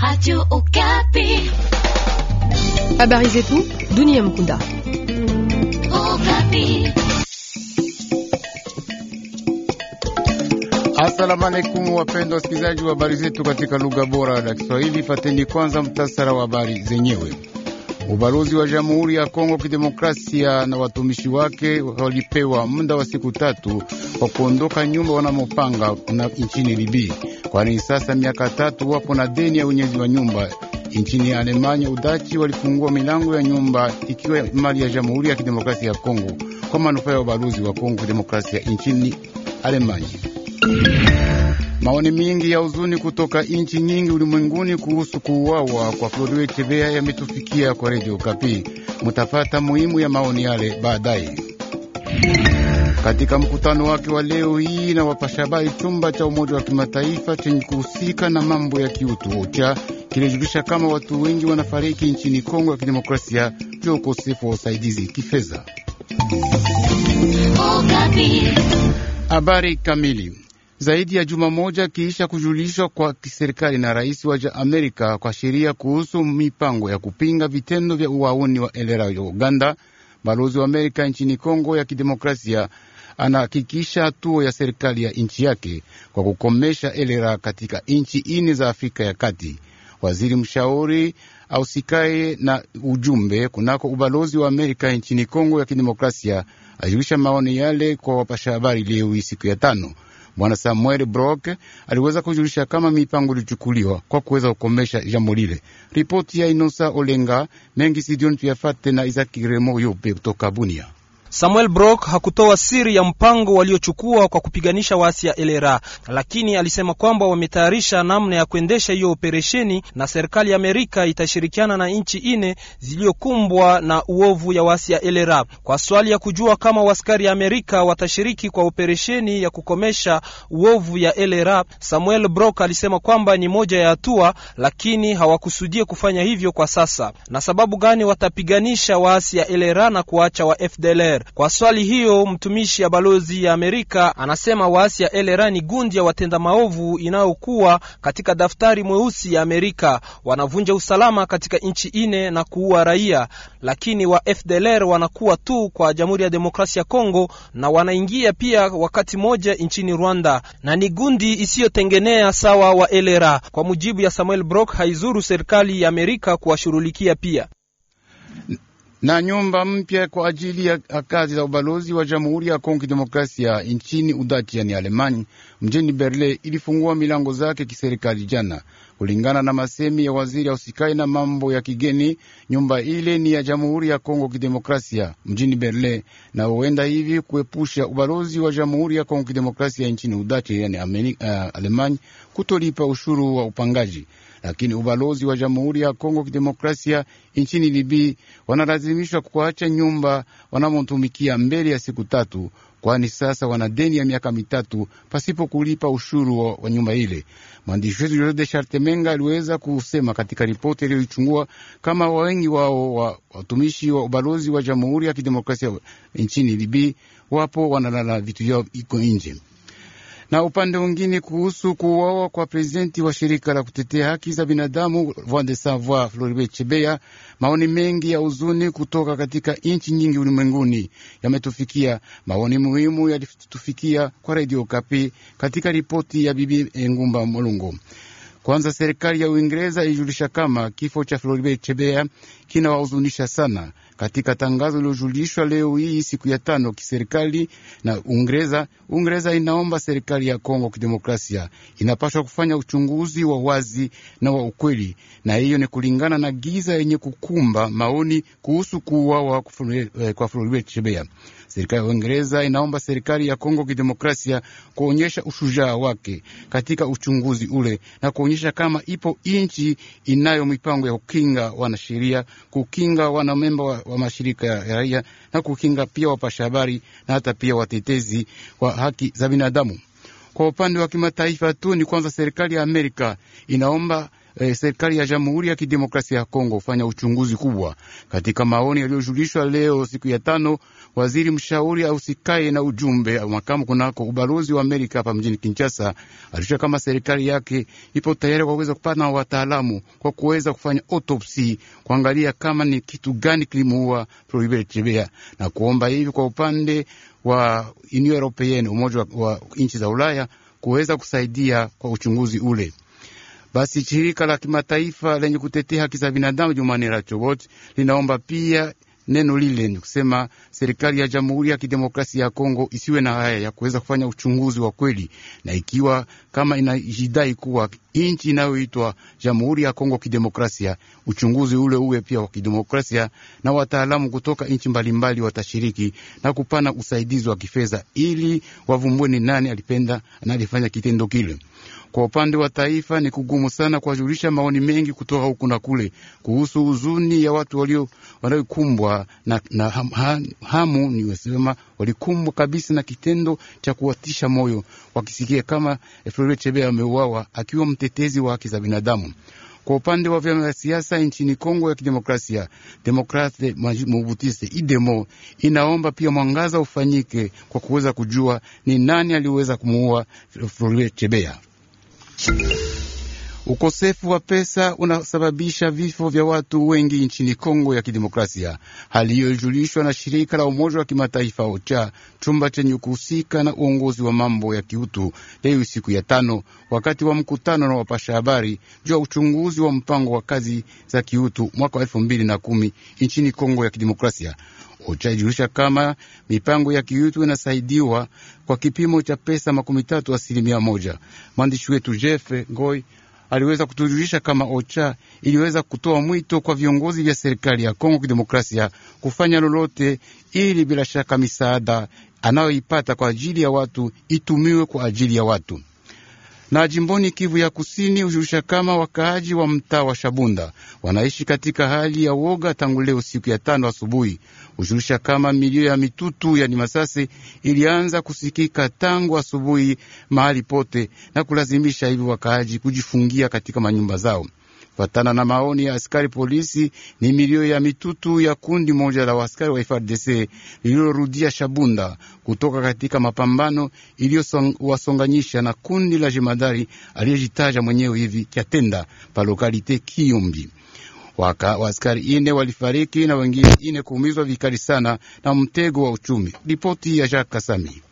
Radio Okapi. Habari zetu dunia mkunda. Okapi. Asalamu alaykum, wapendwa wasikilizaji wa habari zetu katika lugha bora la Kiswahili. Fateni kwanza mtasara wa habari zenyewe. Ubalozi wa Jamhuri ya Kongo Kidemokrasia na watumishi wake walipewa muda wa siku tatu kwa kuondoka nyumba wanamopanga na nchini Libii, kwani sasa miaka tatu wapo na deni ya unyezi wa nyumba. Nchini Alemanya, Udachi walifungua milango ya nyumba ikiwa mali ya Jamhuri ya Kidemokrasia ya Kongo kwa manufaa ya ubalozi wa Kongo Kidemokrasia nchini Alemanya. Maoni mengi ya huzuni kutoka nchi nyingi ulimwenguni kuhusu kuuawa kwa Flodwe Chebea yametufikia kwa redio Kapi. Mutapata muhimu ya maoni yale baadaye. Katika mkutano wake wa leo hii na wapasha habari, chumba cha Umoja wa Kimataifa chenye kuhusika na mambo ya kiutu OCHA kilijulisha kama watu wengi wanafariki nchini Kongo ya Kidemokrasia kwa ukosefu wa usaidizi kifedha. Habari kamili zaidi ya juma moja kiisha kujulishwa kwa serikali na rais wa Amerika kwa sheria kuhusu mipango ya kupinga vitendo vya uwauni wa elera ya Uganda. Balozi wa Amerika nchini Kongo ya Kidemokrasia anahakikisha hatua ya serikali ya nchi yake kwa kukomesha elera katika nchi ine za Afrika ya Kati. Waziri mshauri ausikaye na ujumbe kunako ubalozi wa Amerika nchini Kongo ya Kidemokrasia ajulisha maoni yale kwa wapasha habari leo hii siku ya tano Bwana Samuel Brock aliweza kujulisha kama mipango ilichukuliwa kwa kuweza kukomesha jambo lile. Ripoti ya Inosa Olenga mengi sidioni tuyafate na Isaki Remo Yope kutoka Bunia. Samuel Brock hakutoa siri ya mpango waliochukua kwa kupiganisha waasi ya LRA, lakini alisema kwamba wametayarisha namna ya kuendesha hiyo operesheni na serikali ya Amerika itashirikiana na nchi ine ziliyokumbwa na uovu ya waasi ya LRA. Kwa swali ya kujua kama waskari ya Amerika watashiriki kwa operesheni ya kukomesha uovu ya LRA, Samuel Brock alisema kwamba ni moja ya hatua, lakini hawakusudia kufanya hivyo kwa sasa. Na sababu gani watapiganisha waasi ya LRA na kuacha wa FDLR? Niger. Kwa swali hiyo, mtumishi ya balozi ya Amerika anasema waasi ya LRA ni gundi ya watenda maovu inayokuwa katika daftari mweusi ya Amerika. Wanavunja usalama katika nchi ine na kuua raia, lakini wa FDLR wanakuwa tu kwa Jamhuri ya Demokrasia ya Kongo na wanaingia pia wakati moja nchini Rwanda na ni gundi isiyotengenea sawa wa LRA. Kwa mujibu ya Samuel Brock, haizuru serikali ya Amerika kuwashughulikia pia na nyumba mpya kwa ajili ya kazi za ubalozi wa Jamhuri ya Kongo Demokrasia nchini Udaki, yani Alemani, mjini Berlin ilifungua milango zake kiserikali jana, kulingana na masemi ya waziri ya usikai na mambo ya kigeni. Nyumba ile ni ya Jamhuri ya Kongo Kidemokrasia mjini Berlin, na huenda hivi kuepusha ubalozi wa Jamhuri ya Kongo Kidemokrasia nchini Udaki, yani uh, Alemani, kutolipa ushuru wa upangaji lakini ubalozi wa Jamhuri ya Kongo Kidemokrasia nchini Libii wanalazimishwa kuacha nyumba wanamotumikia mbele ya siku tatu, kwani sasa wana deni ya miaka mitatu pasipo kulipa ushuru wa nyumba ile. Mwandishi wetu Jose de Chartemenga aliweza kusema katika ripoti aliyoichungua kama wengi wao wa watumishi wa ubalozi wa Jamhuri ya Kidemokrasia nchini Libii wapo wanalala vitu vyao iko nje na upande mwingine kuhusu kuuawa kwa prezidenti wa shirika la kutetea haki za binadamu Voix des Sans Voix Floribert Chebeya, maoni mengi ya huzuni kutoka katika nchi nyingi ulimwenguni yametufikia. Maoni muhimu yalitufikia kwa redio Kapi katika ripoti ya bibi Engumba Mulungu. Kwanza, serikali ya Uingereza ilijulisha kama kifo cha Floribert Chebea kinawahuzunisha sana. Katika tangazo lilojulishwa leo hii siku ya tano kiserikali na Uingereza, Uingereza inaomba serikali ya Kongo Kidemokrasia inapaswa kufanya uchunguzi wa wazi na wa ukweli, na hiyo ni kulingana na giza yenye kukumba maoni kuhusu kuuawa kwa Floribert eh, Chebeya. Serikali ya Uingereza inaomba serikali ya Kongo Kidemokrasia kuonyesha ushujaa wake katika uchunguzi ule na kuonyesha kama ipo nchi inayo mipango ya kukinga wanasheria, kukinga wanamemba wa, wa mashirika ya raia na kukinga pia wapasha habari na hata pia watetezi wa haki za binadamu. Kwa upande wa kimataifa tu ni kwanza, serikali ya Amerika inaomba eh, serikali ya Jamhuri ya Kidemokrasia ya Kongo hufanya uchunguzi kubwa. Katika maoni yaliyojulishwa leo siku ya tano, waziri mshauri ausikae na ujumbe makamu kunako ubalozi wa Amerika hapa mjini Kinshasa alisha kama serikali yake ipo tayari kwa kuweza kupata wataalamu kwa kuweza kufanya autopsi, kuangalia kama ni kitu gani kilimuua Floribert Chebeya na kuomba hivi kwa upande wa Union Europeenne, umoja wa, wa nchi za Ulaya kuweza kusaidia kwa uchunguzi ule. Basi shirika la kimataifa lenye kutetea haki za binadamu Jumani Rights Watch linaomba pia neno lile ni kusema serikali ya Jamhuri ya Kidemokrasia ya Kongo isiwe na haya ya kuweza kufanya uchunguzi wa kweli, na ikiwa kama inajidai kuwa nchi inayoitwa Jamhuri ya Kongo Kidemokrasia, uchunguzi ule uwe pia wa kidemokrasia, na wataalamu kutoka nchi mbalimbali watashiriki na kupana usaidizi wa kifedha ili wavumbue ni nani alipenda na alifanya kitendo kile. Kwa upande wa taifa ni kugumu sana kuwajulisha maoni mengi kutoka huku na kule kuhusu huzuni ya watu walio wanaokumbwa na, na ham, ham, hamu niwesema walikumbwa kabisa na kitendo cha kuwatisha moyo wakisikia kama Floribert Chebe ameuawa akiwa mtetezi wa haki za binadamu. Kwa upande wa vyama vya siasa nchini Kongo ya Kidemokrasia, Demokrate Mubutise Idemo inaomba pia mwangaza ufanyike kwa kuweza kujua ni nani aliweza kumuua Floribert Chebeya. Ukosefu wa pesa unasababisha vifo vya watu wengi nchini Kongo ya Kidemokrasia. Hali hiyo ilijulishwa na shirika la Umoja wa Kimataifa OCHA, chumba chenye kuhusika na uongozi wa mambo ya kiutu, leo siku ya tano, wakati wa mkutano na wapasha habari juu ya uchunguzi wa mpango wa kazi za kiutu mwaka wa elfu mbili na kumi nchini Kongo ya Kidemokrasia. Uchajulisha kama mipango ya kiutu inasaidiwa kwa kipimo cha pesa makumi tatu asilimia moja. Mwandishi wetu Jefe Ngoi aliweza kutujulisha kama OCHA iliweza kutoa mwito kwa viongozi vya serikali ya Kongo Kidemokrasia kufanya lolote ili bila shaka misaada anayoipata kwa ajili ya watu itumiwe kwa ajili ya watu na jimboni Kivu ya Kusini hushusha kama wakaaji wa mtaa wa Shabunda wanaishi katika hali ya woga tangu leo siku ya tano asubuhi. Hushusha kama milio ya mitutu yani masasi ilianza kusikika tangu asubuhi mahali pote na kulazimisha hivi wakaaji kujifungia katika manyumba zao. Kufatana na maoni ya askari polisi, ni milio ya mitutu ya kundi moja la waskari wa frdc lililorudia Shabunda kutoka katika mapambano iliyowasonganyisha na kundi la jemadari aliyejitaja mwenyewe hivi Kyatenda pa lokalite Kiyumbi. Waka waskari ine walifariki na wengine ine kuumizwa vikali sana na mtego wa uchumi. Ripoti ya Jacques Kasami.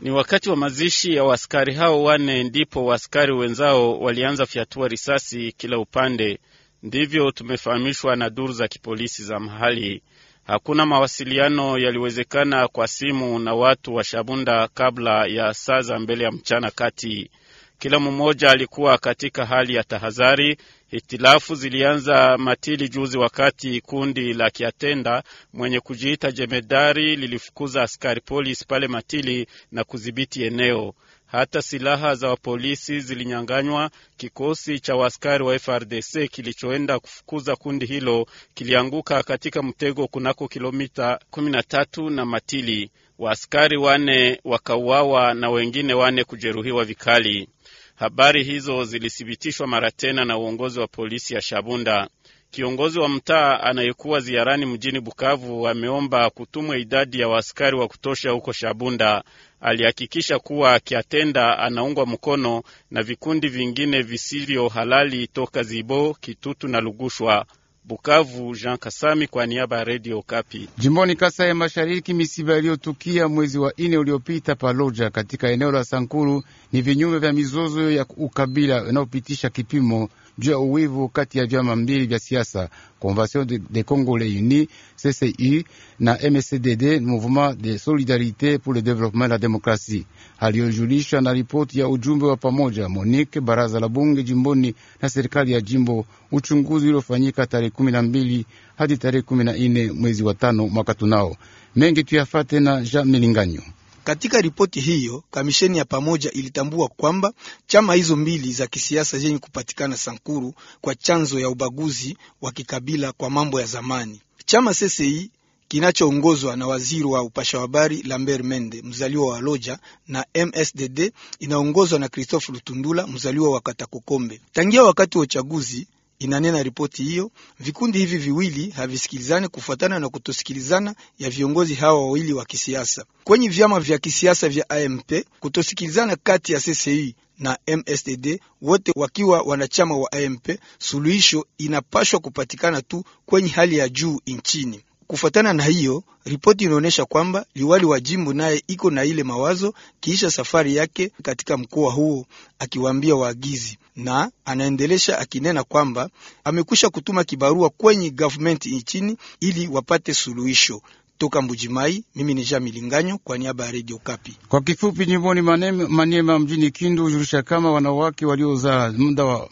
Ni wakati wa mazishi ya waskari hao wane ndipo waskari wenzao walianza fyatua risasi kila upande. Ndivyo tumefahamishwa na duru za kipolisi za mahali. Hakuna mawasiliano yaliwezekana kwa simu na watu wa Shabunda kabla ya saa za mbele ya mchana kati. Kila mmoja alikuwa katika hali ya tahadhari Hitilafu zilianza matili juzi wakati kundi la kiatenda mwenye kujiita jemedari lilifukuza askari polisi pale matili na kudhibiti eneo. Hata silaha za wapolisi zilinyanganywa. Kikosi cha waskari wa FRDC kilichoenda kufukuza kundi hilo kilianguka katika mtego kunako kilomita 13 na Matili. Waaskari wane wakauawa na wengine wane kujeruhiwa vikali. Habari hizo zilithibitishwa mara tena na uongozi wa polisi ya Shabunda. Kiongozi wa mtaa anayekuwa ziarani mjini Bukavu ameomba kutumwa idadi ya waaskari wa kutosha huko Shabunda. Alihakikisha kuwa Kiatenda anaungwa mkono na vikundi vingine visivyo halali toka Zibo, Kitutu na Lugushwa. Bukavu, Jean Kasami kwa niaba ya Radio Kapi. Jimboni Kasa ya Mashariki, misiba iliyotukia mwezi wa ine uliopita Paloja katika eneo la Sankuru ni vinyume vya mizozo ya ukabila inayopitisha kipimo juu ya uwivu kati ya vyama mbili vya siasa Convention de, de unis Reuni CCU na MCDD Mouvement de solidarité pour le développement de la Demokrasi, aliyojulishwa na ripoti ya ujumbe wa pamoja Monique baraza la bunge jimboni na serikali ya jimbo, uchunguzi uliofanyika tarehe kumi na mbili hadi tarehe kumi na nne mwezi wa tano mwaka tunao. Mengi tuyafate na Jean Milinganyo. Katika ripoti hiyo, kamisheni ya pamoja ilitambua kwamba chama hizo mbili za kisiasa zenye kupatikana Sankuru kwa chanzo ya ubaguzi wa kikabila kwa mambo ya zamani. Chama CCI kinachoongozwa na waziri wa upasha habari Lambert Mende mzaliwa wa Loja na MSDD inaongozwa na Christophe Lutundula mzaliwa wa Katakokombe. Tangia wakati wa uchaguzi Inanena ripoti hiyo, vikundi hivi viwili havisikilizani kufuatana na kutosikilizana ya viongozi hawa wawili wa kisiasa kwenye vyama vya kisiasa vya AMP, kutosikilizana kati ya CCI na MSDD wote wakiwa wanachama wa AMP. Suluhisho inapashwa kupatikana tu kwenye hali ya juu nchini. Kufuatana na hiyo ripoti inaonyesha kwamba liwali wa jimbo naye iko na ile mawazo kiisha safari yake katika mkoa huo, akiwaambia waagizi, na anaendelesha akinena kwamba amekwisha kutuma kibarua kwenye government nchini ili wapate suluhisho. Toka Mbujimai, mimi ni Jean Milinganyo kwa niaba ya Radio Kapi. Kwa kifupi, jimboni Maniema mjini Kindu hujulisha kama wanawake waliozaa muda wa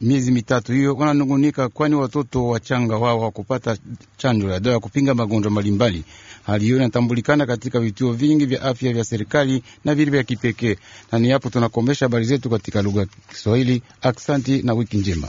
miezi mitatu hiyo wananungunika, kwani watoto wachanga wao wakupata chanjo ya dawa ya kupinga magonjwa mbalimbali. Hali hiyo inatambulikana katika vituo vingi vya afya vya serikali na vile vya kipekee. Na ni hapo tunakomesha habari zetu katika lugha ya Kiswahili. Aksanti na wiki njema.